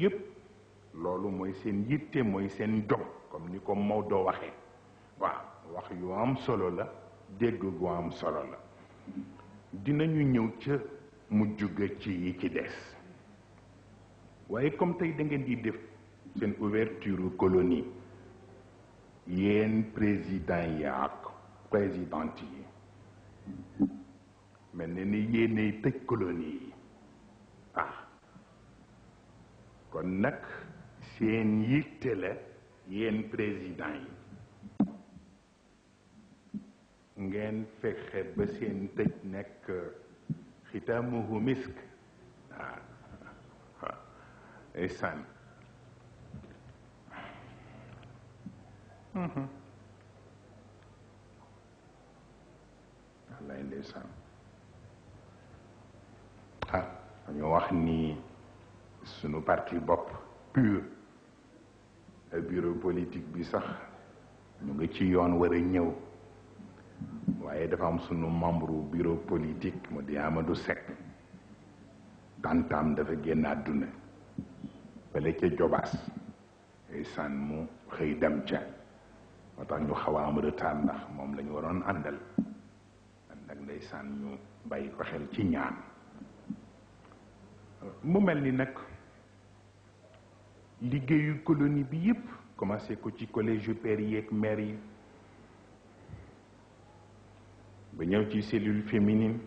yépp loolu mooy seen yitte mooy seen jom comme ni ko Maodo waxee waaw wax yu am solo la dégg gu am solo la dinañu ñëw ca mu juga ci yi ci des waaye comme tey da di def seen ouverture colonie yéen président yi ak présidente yi mel na ni yéenay tëj colonie yi kon nag seen yitte la yéen président yi ngeen fexe ba seen tëj nekk xitaamuhu misk waaw ah, ah, esan mhm. wallaay ndeysaan ah dañu wax nii sunu parti bopp pur bureau politique bi sax ñu ngi ci yoon war a ñëw waaye dafa am sunu membre bureau politique mu di Amadou Seck tantam dafa génn àdduna fële ca Jobaas ay sànn mu xëy dem ca moo tax ñu xaw ndax moom la waroon àndal ànd ak ndeysaan ñu bàyyi ko xel ci ñaan mu mel ni nag liggéeyu colonie bi yëpp commencé ko ci collège yu yi ak mères yi ba ñëw ci cellule féminine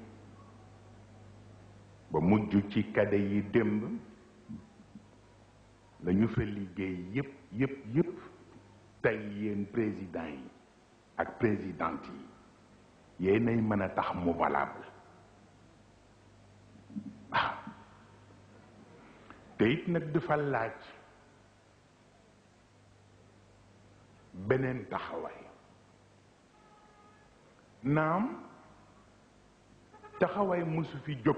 ba mujj ci kade yi démb la ñu fa liggéey yëpp yëpp yëpp tey yéen président yi ak présidente yi yéenay mën a tax mu valable te it nag dafa laaj بنين taxaway نعم taxaway موسو في جب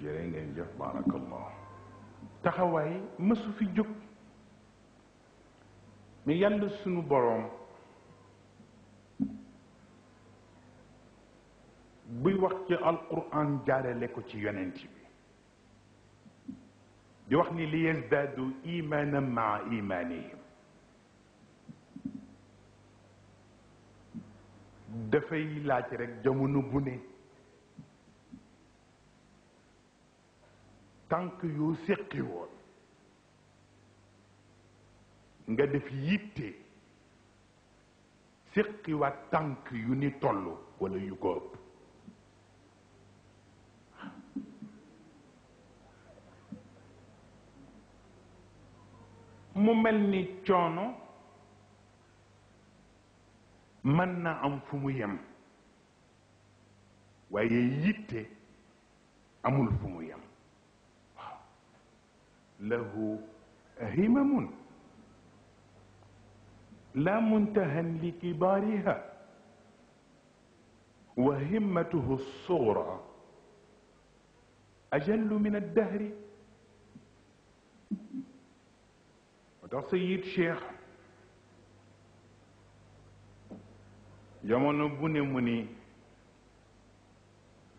جرين جرين جرين جرين جرين جرين mais yàlla sunu borom buy wax ci alquran jaarale ko ci yonenti bi di wax ni li yazdadu imanan ma imanihim da fay laaj rek jamono bu ne tànk yu sekki woon nga def yitte séqi tànk yu ni toll wala yu ko ëpp mu mel ni coono mën na am fu mu yem waaye yitte amul fu mu yem lahu himamun لا منتهى لكبارها وهمته الصغرى أجل من الدهر هذا سيد شيخ يوم نبني مني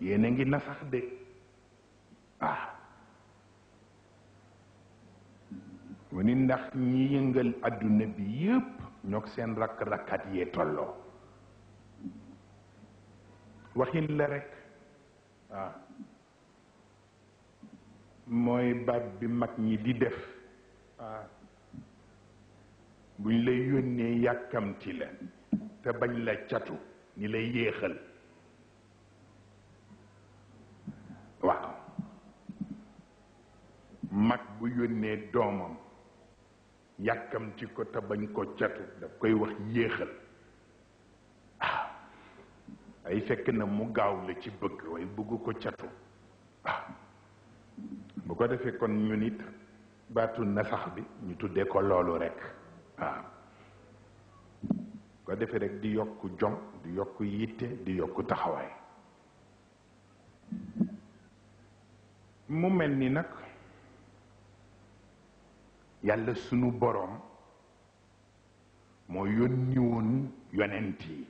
ينجي نفخ دي آه وننخ نينجل أدو نبي ñoog seen rakk-rakkat yee tolloo waxin la rekk waaw mooy baat bi mag ñi di def waaw buñ lay yónnee yàkkamti la te bañ la catu ni lay yéexal waaw mag bu yónnee doomam yàkkamti ko te bañ ko catu daf koy wax yéexal ah, ay fekk na mu gaaw la ci bëgg waaye bëgg ko catu ah, bu ko defee kon ñu nit baatu nasax bi ñu tuddee ko loolu rek waaw ah, ko defee rekk di yokk jom di yokk yitte di yokk taxawaay mu mel ni nag yàlla sunu borom moo yónni woon yonent yi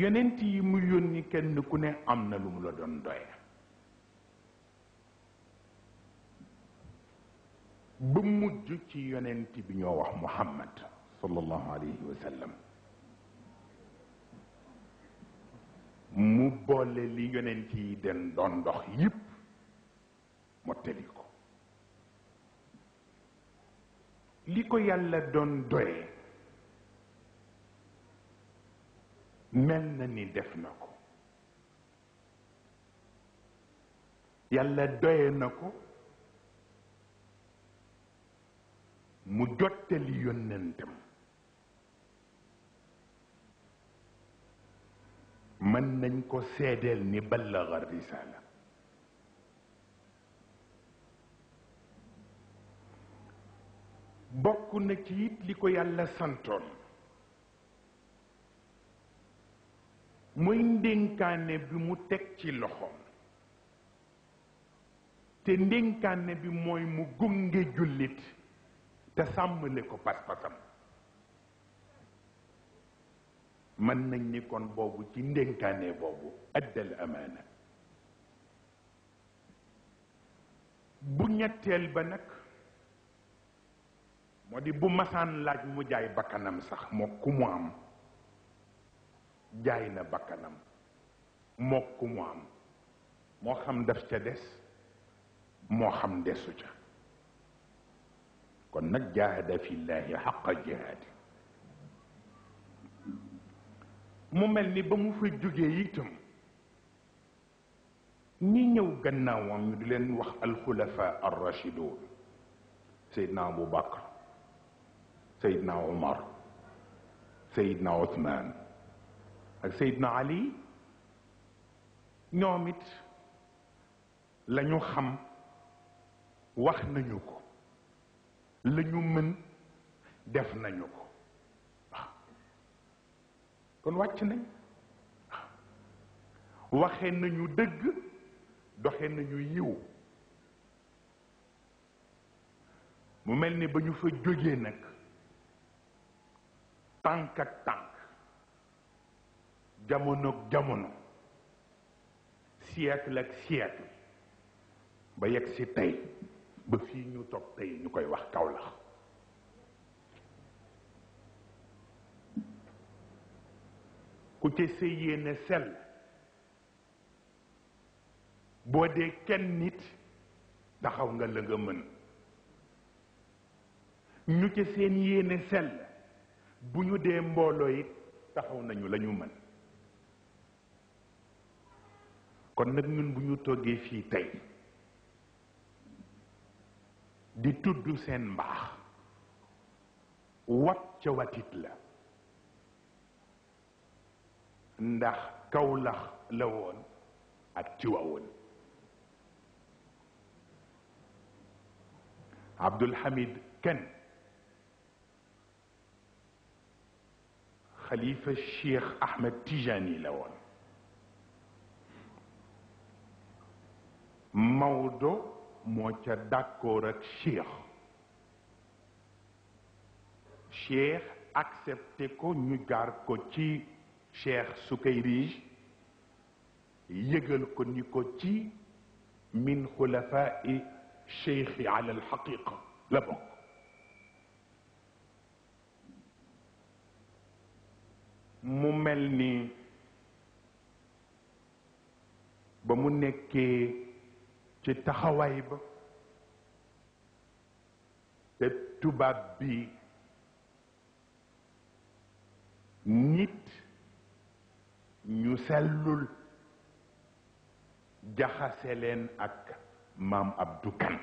yonent yi mu yónni kenn ku ne am lu mu la doon doye ba mujj ci yonent bi ñoo wax muhammad sallallahu alayhi wa sallam mu boole li yonent den doon dox yépp mottali ko li ko yàlla doon doye mel na ni def na ko yàlla doye na ko mu jottali yónnentam mën nañ ko seedeel ni ballaga risala bokk na ci it li ko yàlla santoon mooy ndénkaane bi mu teg ci loxoom te ndénkaane bi mooy mu gunge jullit te sàmmale ko pas-pasam mën nañ ni kon boobu ci ndénkaane boobu addal amaana bu ñetteel ba nag modi bu masan laaj mu jaay bakanam sax moo ku mu am jaay na bakanam moo ku mu am mo xam daf ca dess mo xam dessu ca kon nak jaahada fi llahi haqqa jihad mu melni ba mu fa jógee yitam ñi ñëw gannaawam ñu di leen wax al alxulafa arrachidun seydna abou bakr سيدنا عمر سيدنا عثمان سيدنا علي نعمت لنو خم وخنا نيوكو لنو من دفنا نيوكو كون واتشنا وخنا نيو دق دوخنا نيو يو مو ملني بنيو فجوجي نك tànk ak tànk jamonoog jamono siècle ak siècle ba yegg si tey ba fii ñu toog tey ñu koy wax Kaolack ku ci sa yéene sell boo dee kenn nit taxaw nga la mën ñu ci seen yéene sell bu ñu dee mbooloo it taxaw nañu lañu mën kon nag ñun bu ñu toggee fii tey di tudd seen mbaax wat ca watit la ndax Kawlax la woon ak Tiwaawoon Abdul Hamid kenn خليفة الشيخ احمد تيجاني لون موضو مۆچەدا داكورك شيخ شيخ أكسبتكو نیگار تي شيخ سكيريج یەگەل کو تي من خلفاء شيخي على الحقيقة لە mu mel ni ba mu nekkee ci taxawaay ba te tubaab bi nit ñu sellul jaxase leen ak maam Abdou Kane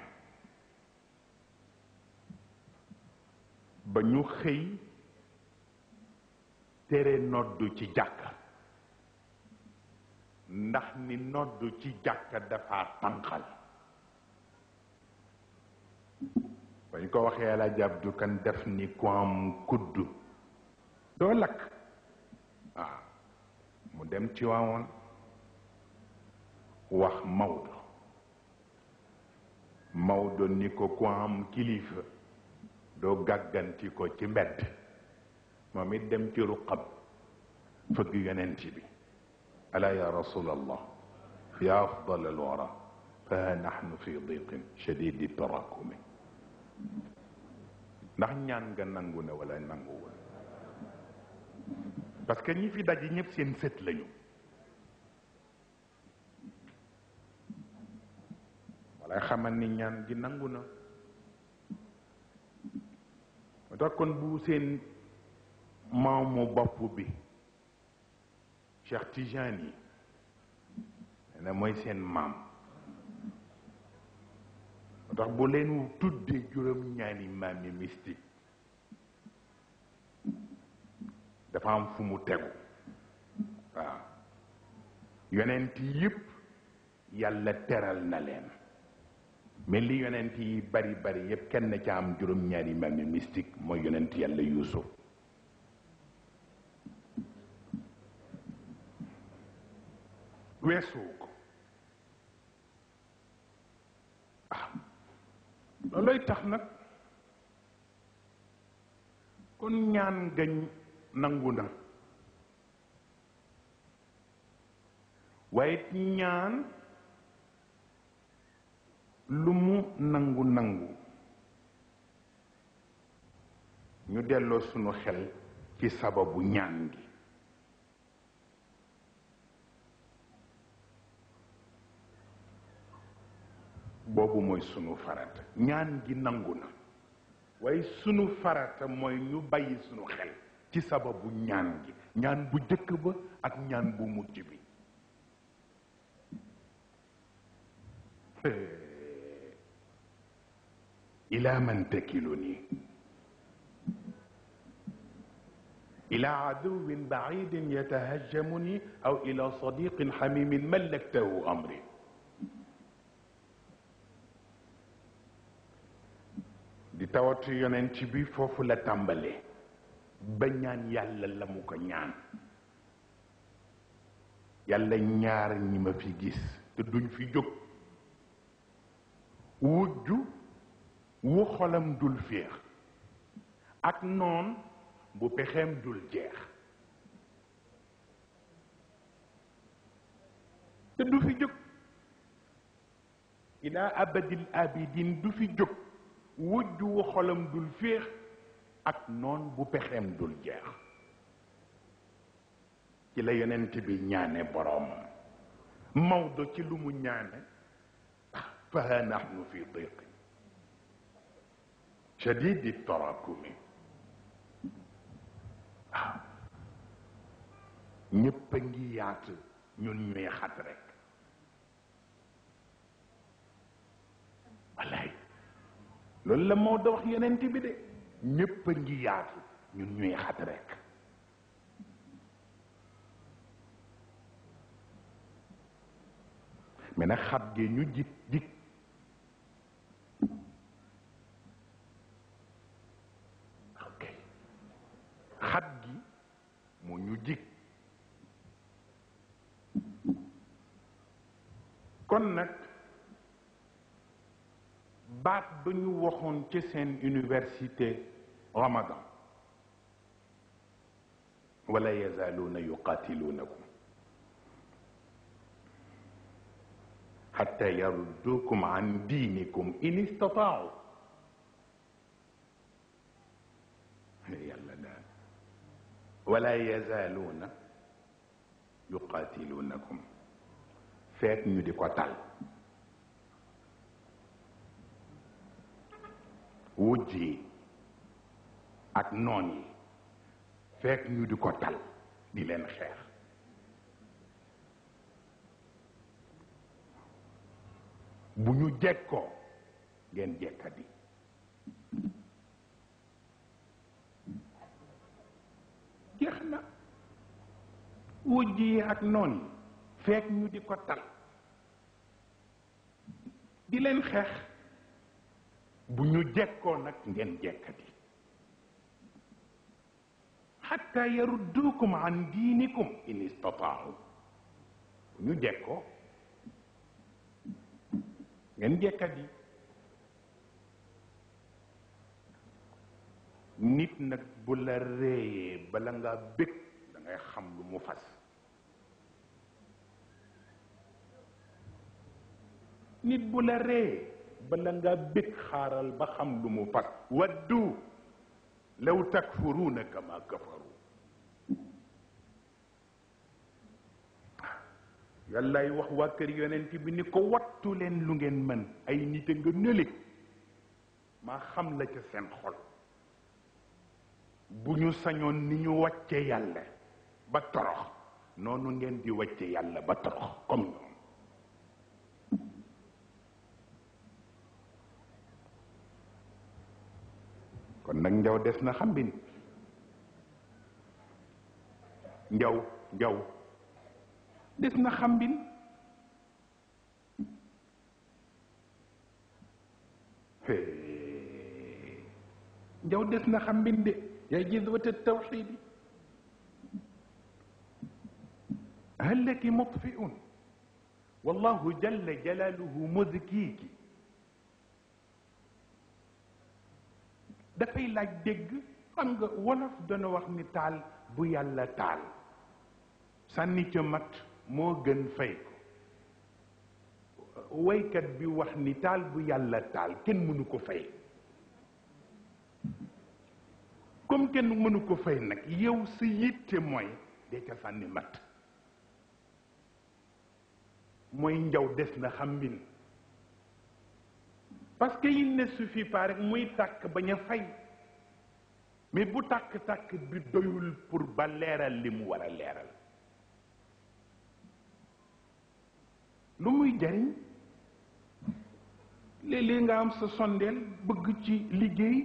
ba ñu xëy tere noddu ci jàkka ndax ni noddu ci jàkka dafa tànqal bañ ko waxee Alaaji Abdu Kan def ni ku am kudd doo lakk ah, mu dem ci waawoon wax Maodo Maodo ni ko ku am kilifa doo gàgganti ko ci mbedd ومد دم تي رقب فك جننتي الا يا رسول الله يا افضل الورى فها نحن في ضيق شديد التراكم نحن نيان نعم غنانغونا ولا نانغول نعم باسكو ني في داجي نيب سين سيت ولا خمان ني نيان دي نانغونا متا maamu bopp bi Cheikh Tijani yi na mooy seen maam ndax bu leen tuddee juróom ñaani maam yi mystique dafa am fu mu tegu yonent yëpp yàlla teral na leen mais li yonent yi bari bari yëpp kenn ca am juróom ñaari maam yi mystique mooy yonent yàlla Yuusuf weesuwu ko ah loolooy tax nag kon ñaan gañ nangu na waaye ñaan lu mu nangu nangu ñu delloo sunu xel ci sababu ñaan gi bobu moy sunu farata ñaan gi nanguna way sunu farata moy ñu bàyyi sunu xel ci sababu ñaan gi ñaan bu jëk ba ak ñaan bu mujj bi إلى من تكلني إلى عدو بعيد يتهجمني أو إلى صديق حميم ملكته أمري di tawatu yonent bi fofu la tambalé ba ñaan yàlla la mu ko ñaan yàlla ñaar ñi ma fi gis te duñ fi jóg wujju wu xolam dul féex ak noon bu pexem dul jeex te du fi jóg ila abadil abidin du fi jóg wujj xolam dul féex ak noon bu pexeem dul jeex ci la yonent bi ñaane boroomam mawdo ci lu mu ñaane faha nahnu fi diqin shadidi tarakumi ñépp a ngi yaat ñun ñuy xat rek wallaay loolu la moo da wax yeneen bi de ñépp a ngi yaatu ñun ñuy xat rek mais nag xat gee ñu jik jik ok xat gi moo ñu jik kon nag بعد بنيو وخون تسين انيفرسيتي رمضان ولا يزالون يقاتلونكم حتى يردوكم عن دينكم ان استطاعوا ولا يزالون يقاتلونكم فات ني ديكو wujj yi ak noon yi fekk ñu di ko tal di leen xeex bu ñu jekkoo ngeen jekkadi jeex na wujj yi ak noon yi fekk ñu di ko tal di leen xeex bu ñu jekkoo nag ngeen jekkati xatta yaruddukum an diinikum in istataaw bu ñu jekkoo ngeen jekkati nit nag bu la réyee bala ngaa bëgg da xam lu mu fas nit bu la réyee بلا نغا بك خارل بخم لمو فك ودو لو تكفرون كما كفروا يلا يوح واكر يوننتي بني كو واتو لين لنغن من اي نيتنغ نلي ما خم لك سن خل بنيو سنون نيو واتي يالا بطرخ نونو نين دي واتي يالا بطرخ كم نو kon nag njaw des na xambin njaw njaw des na xambin njaw des na xambin de yaa gis wata tawxidi هل لك مطفئ والله جل جلاله مذكيك dafay laaj dégg xam nga wolof dana wax ni taal bu yàlla taal sànni ca mat moo gën fay ko waykat bi wax ni taal bu yàlla taal kenn mënu ko fay comme kenn mënu ko fay nag yow sa yitte mooy de ca sànni mat mooy njaw des na xam parce que il ne suffit pas rek muy tàkk bañ a fay mais bu tàkk-tàkk bi doyul pour ba leeral li mu war a leeral lu muy jariñ léeg-léeg nga am sa sondeel bëgg ci liggéey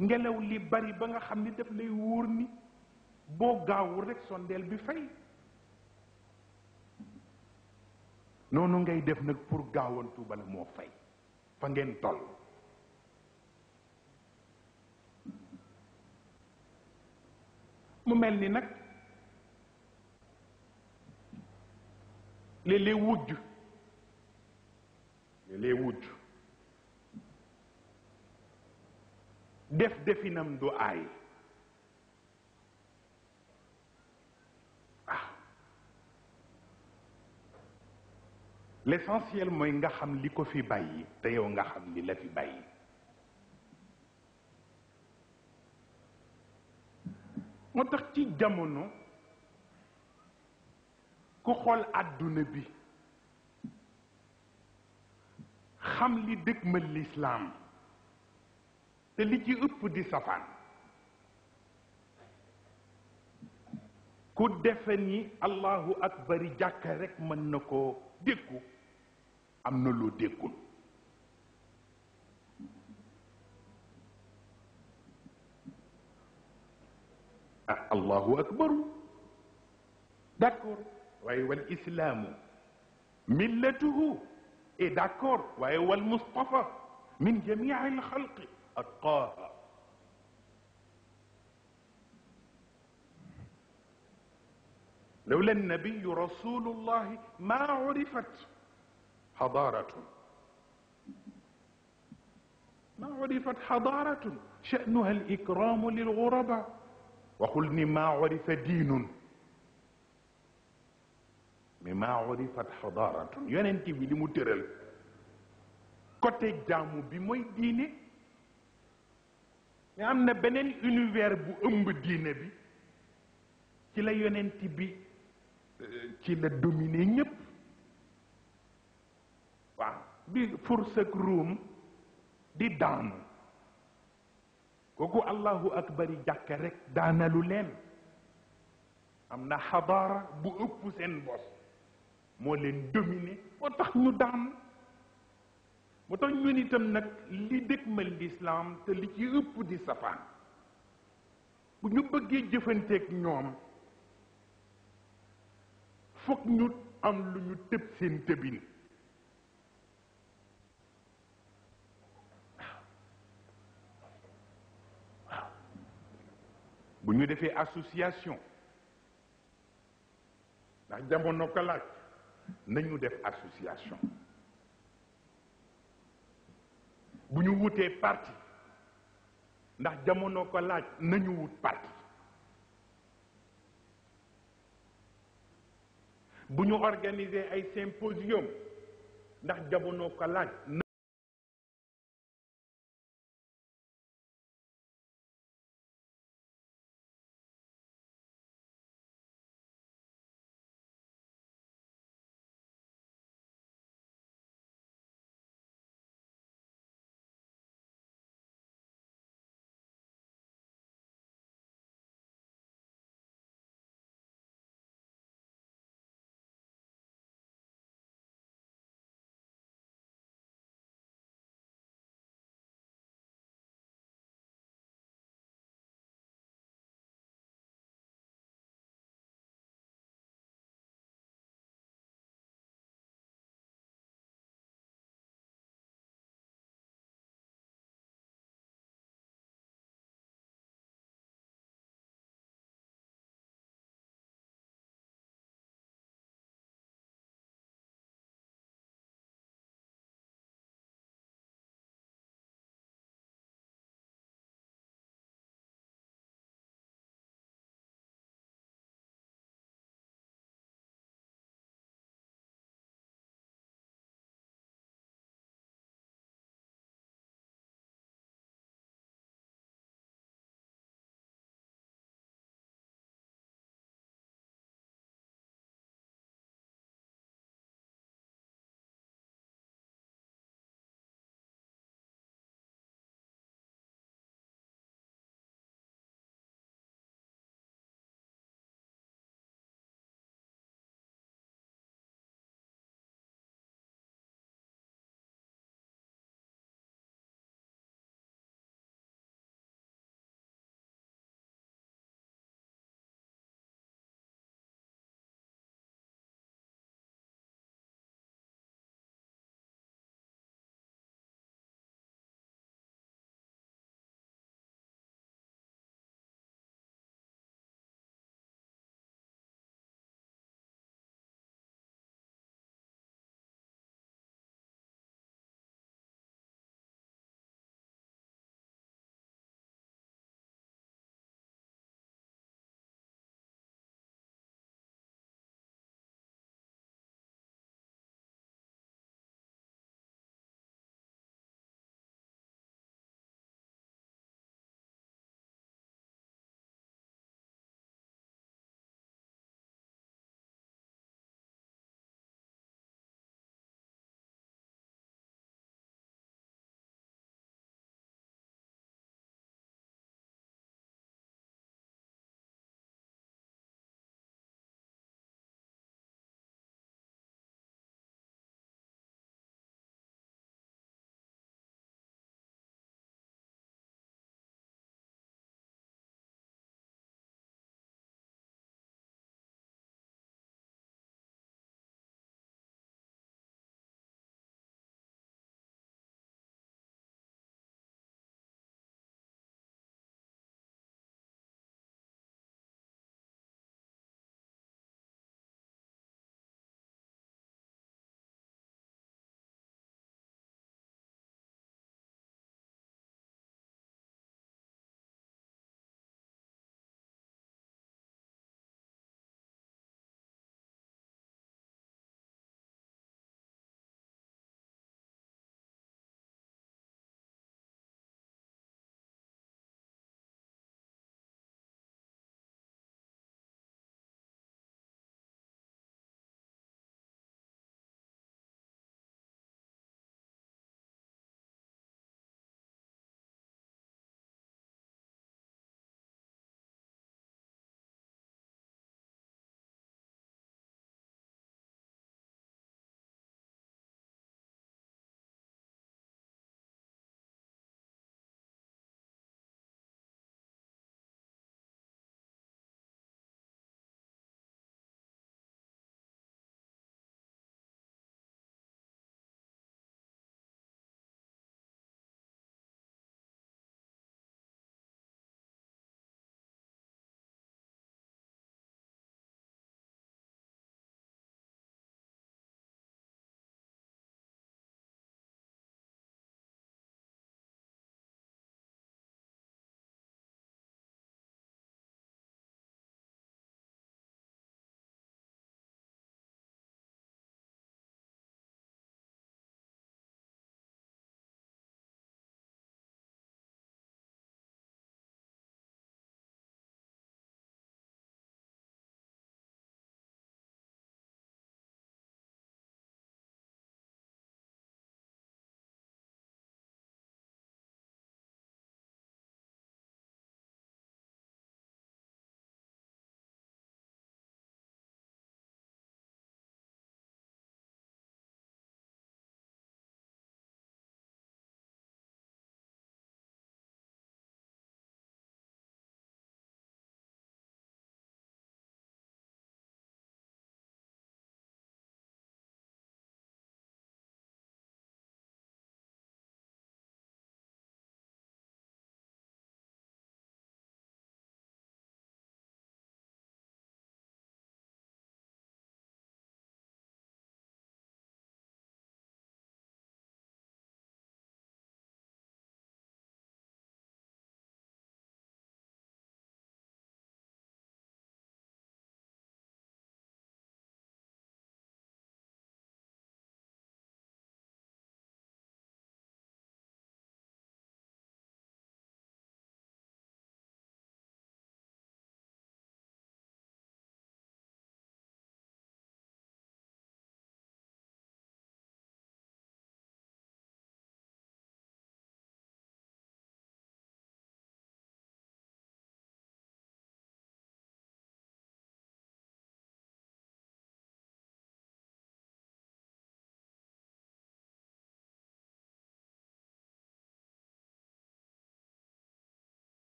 ngelaw li bari ba nga xam ni daf lay wóor ni boo gaawul rek sondeel bi fay noonu ngay def nag pour gaawantu bala moo fay fa ngeen toll mu mel ni nag léeg wujj léeg-léeg wujj def definam du aay l'essentiel moy nga xam liko fi bàyyi te yow nga xam li la fi bàyyi motax ci jamono ku xol aduna bi xam li dëgg ma lislaam te li ci upp di safan ku defani allahu akbar jakk rek man nako koo am na loo déggul ah allahu akbaru d'accord waaye wal islaamu millatuhu et d'accord waaye wal mustafa min jamii al xalqi atqaaha لولا النبي رسول الله ما عرفت حضارة ما عرفت حضارة شأنها الإكرام للغرباء وقلني ما عرف دين مما عرفت حضارة يننتي في المترل كنت جام بموي ديني يعني امنا بنين اونيفير بو امب دين بي كي لا يوننتي بي كلا يعني لا دوميني نيب waaw bi furs ak ruum di daanu kooku allahu akbari jàkka rek daanalu leen am na xadaara bu ëpp seen bos moo leen dominé moo tax ñu daan moo tax ñun itam nag li dëgmal lislaam te li ci ëpp di safaan bu ñu bëggee jëfanteeg ñoom foog ñu am lu ñu tëb seen tëbin Nous faire une association, nous devons nous faire une association. Nous faire une partie, nous devons nous faire une partie. Nous organiser un symposium, nous devons nous faire une